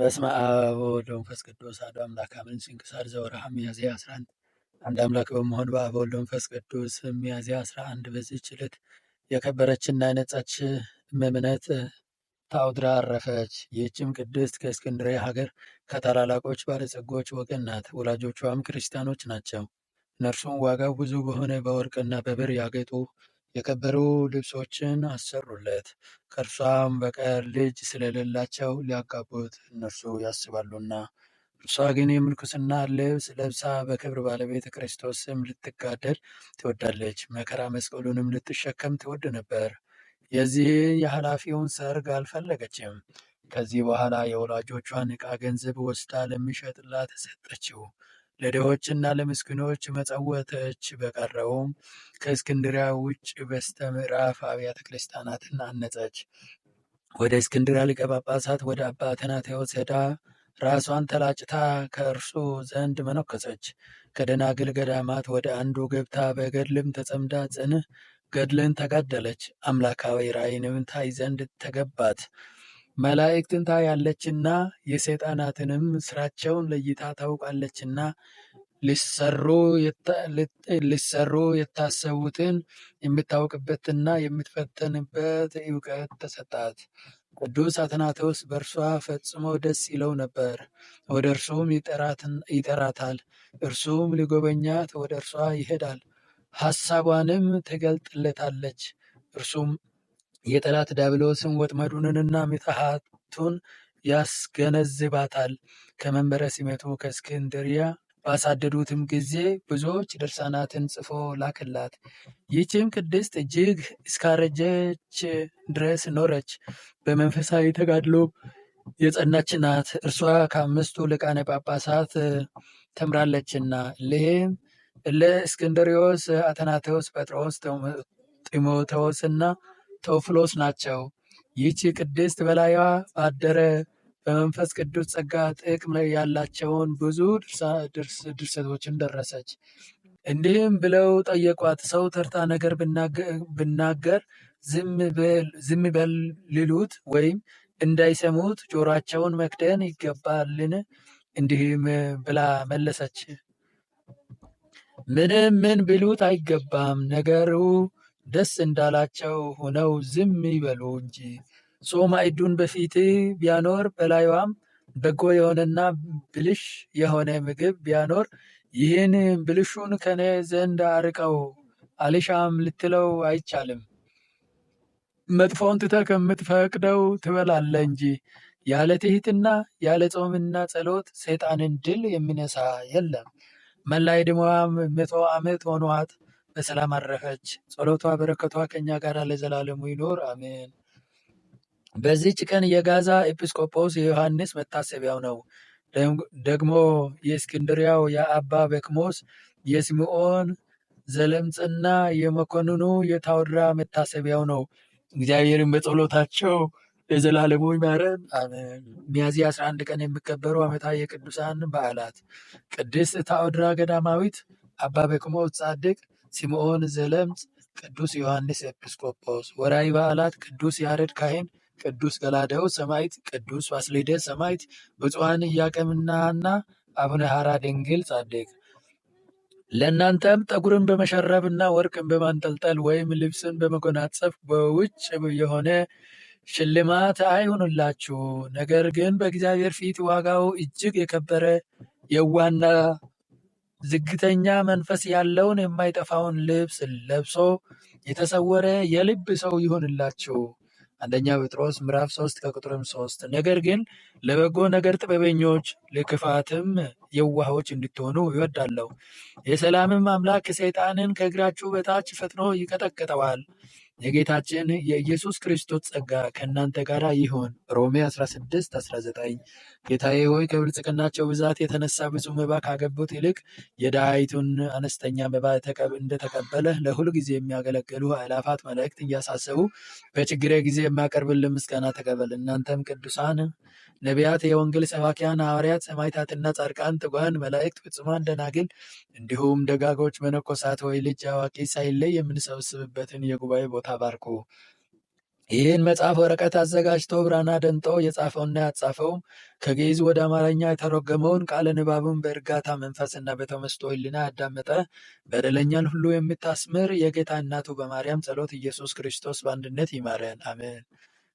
በስመ አብ ወወልድ ወመንፈስ ቅዱስ አሐዱ አምላክ አሜን። ስንክሳር ዘወርኃ ሚያዝያ 11 አንድ አምላክ በመሆን በአብ ወልድ መንፈስ ቅዱስ ሚያዝያ 11 በዚህች ዕለት የከበረችና የነጻች እመምኔት ታውድራ አረፈች። ይህችም ቅድስት ከእስክንድርያ ሀገር ከታላላቆች ባለጸጎች ወገን ናት። ወላጆቿም ክርስቲያኖች ናቸው። እነርሱም ዋጋው ብዙ በሆነ በወርቅና በብር ያጌጡ የከበሩ ልብሶችን አሰሩለት፤ ከእርሷም በቀር ልጅ ስለሌላቸው ሊያጋቡት እነርሱ ያስባሉና። እርሷ ግን የምንኩስና ልብስ ለብሳ በክብር ባለቤት ክርስቶስ ስም ልትጋደል ትወዳለች፤ መከራ መስቀሉንም ልትሸከም ትወድ ነበር። የዚህ የኃላፊውን ሰርግ አልፈለገችም። ከዚህ በኋላ የወላጆቿን ዕቃ ገንዘብ ወስዳ ለሚሸጥላት ሰጠችው። ለድሆችና ለምስኪኖች መጸወተች። በቀረውም ከእስክንድሪያ ውጭ በስተ ምዕራፍ አብያተ ክርስቲያናትን አነጸች። ወደ እስክንድሪያ ሊቀ ጳጳሳት ወደ አባ አትናቴዎስ ሄዳ ራሷን ተላጭታ ከእርሱ ዘንድ መነኮሰች። ከደናግል ገዳማት ወደ አንዱ ገብታ በገድልም ተጸምዳ ጽንህ ገድልን ተጋደለች። አምላካዊ ራእይንም ታይ ዘንድ ተገባት። መላእክትን ታያለችና የሰይጣናትንም ስራቸውን ለይታ ታውቃለችና ሊሰሩ የታሰቡትን የምታውቅበትና የምትፈተንበት እውቀት ተሰጣት። ቅዱስ አትናቴዎስ በእርሷ ፈጽሞ ደስ ይለው ነበር። ወደ እርሱም ይጠራታል፣ እርሱም ሊጎበኛት ወደ እርሷ ይሄዳል። ሐሳቧንም ትገልጥለታለች። እርሱም የጠላት ዳብሎስን ወጥመዱንንና ምትሃቱን ያስገነዝባታል። ከመንበረ ሲመቱ ከእስክንድርያ ባሳደዱትም ጊዜ ብዙዎች ድርሳናትን ጽፎ ላክላት። ይህችም ቅድስት እጅግ እስካረጀች ድረስ ኖረች። በመንፈሳዊ ተጋድሎ የጸናች ናት። እርሷ ከአምስቱ ሊቃነ ጳጳሳት ተምራለችና እሊህም እለ እስክንድሪዎስ፣ አተናቴዎስ፣ ጴጥሮስ፣ ጢሞቴዎስና ቴዎፍሎስ ናቸው። ይህቺ ቅድስት በላይዋ ባደረ በመንፈስ ቅዱስ ጸጋ ጥቅም ላይ ያላቸውን ብዙ ድርሰቶችን ደረሰች። እንዲህም ብለው ጠየቋት፣ ሰው ተርታ ነገር ብናገር ዝም በል ሊሉት ወይም እንዳይሰሙት ጆሯቸውን መክደን ይገባልን? እንዲህም ብላ መለሰች፣ ምንም ምን ቢሉት አይገባም ነገሩ ደስ እንዳላቸው ሆነው ዝም ይበሉ እንጂ ጾም አይዱን በፊት ቢያኖር በላይዋም በጎ የሆነና ብልሽ የሆነ ምግብ ቢያኖር ይህን ብልሹን ከኔ ዘንድ አርቀው አልሻም ልትለው አይቻልም። መጥፎውን ትተህ ከምትፈቅደው ትበላለህ እንጂ ያለ ትህትና ያለ ጾምና ጸሎት ሰይጣንን ድል የሚነሳ የለም። መላ ዕድሜዋም መቶ ዓመት ሆኗት በሰላም አረፈች። ጸሎቷ በረከቷ ከእኛ ጋር ለዘላለሙ ይኖር አሜን። በዚህች ቀን የጋዛ ኤጲስቆጶስ የዮሐንስ መታሰቢያው ነው። ደግሞ የእስክንድሪያው የአባ በክሞስ የስምዖን ዘለምጽና የመኮንኑ የታወድራ መታሰቢያው ነው። እግዚአብሔርን በጸሎታቸው ለዘላለሙ ይማረን አሜን። ሚያዝያ 11 ቀን የሚከበሩ ዓመታዊ የቅዱሳን በዓላት፦ ቅድስት ታኦድራ ገዳማዊት፣ አባ በክሞስ ጻድቅ ስምዖን ዘለምጽ፣ ቅዱስ ዮሐንስ ኤጲስቆጶስ። ወርሃዊ በዓላት ቅዱስ ያሬድ ካህን፣ ቅዱስ ገላውዴዎስ ሰማዕት፣ ቅዱስ ፋሲለደስ ሰማዕት፣ ብፁዓን ኢያቄምናና አቡነ ሐራ ድንግል ጻድቅ። ለእናንተም ጠጉርን በመሸረብና ወርቅን በማንጠልጠል ወይም ልብስን በመጎናጸፍ በውጭ የሆነ ሽልማት አይሁንላችሁ። ነገር ግን በእግዚአብሔር ፊት ዋጋው እጅግ የከበረ የዋና ዝግተኛ መንፈስ ያለውን የማይጠፋውን ልብስ ለብሶ የተሰወረ የልብ ሰው ይሆንላችሁ። አንደኛ ጴጥሮስ ምዕራፍ 3 ከቁጥርም 3። ነገር ግን ለበጎ ነገር ጥበበኞች፣ ለክፋትም የዋሆች እንድትሆኑ ይወዳለሁ። የሰላምም አምላክ ሰይጣንን ከእግራችሁ በታች ፈጥኖ ይቀጠቅጠዋል። የጌታችን የኢየሱስ ክርስቶስ ጸጋ ከእናንተ ጋር ይሁን። ሮሜ 16 19 ጌታዬ ሆይ ከብልጽግናቸው ብዛት የተነሳ ብዙ መባ ካገቡት ይልቅ የድሃይቱን አነስተኛ መባ እንደተቀበለ ለሁል ጊዜ የሚያገለግሉ አእላፋት መላእክት እያሳሰቡ በችግሬ ጊዜ የማቀርብልን ምስጋና ተቀበል። እናንተም ቅዱሳን ነቢያት፣ የወንጌል ሰባኪያን ሐዋርያት፣ ሰማዕታትና ጻድቃን፣ ትጉሃን መላእክት፣ ፍጹማን ደናግል እንዲሁም ደጋጎች መነኮሳት ወይ ልጅ አዋቂ ሳይለይ የምንሰበስብበትን የጉባኤ ቦታ ባርኩ። ይህን መጽሐፍ ወረቀት አዘጋጅቶ ብራና ደንጦ የጻፈውና ያጻፈው ከግዕዝ ወደ አማርኛ የተረጎመውን ቃለ ንባቡን በእርጋታ መንፈስና በተመስጦ ሕሊና ያዳመጠ በደለኛን ሁሉ የምታስምር የጌታ እናቱ በማርያም ጸሎት ኢየሱስ ክርስቶስ በአንድነት ይማረን፣ አሜን።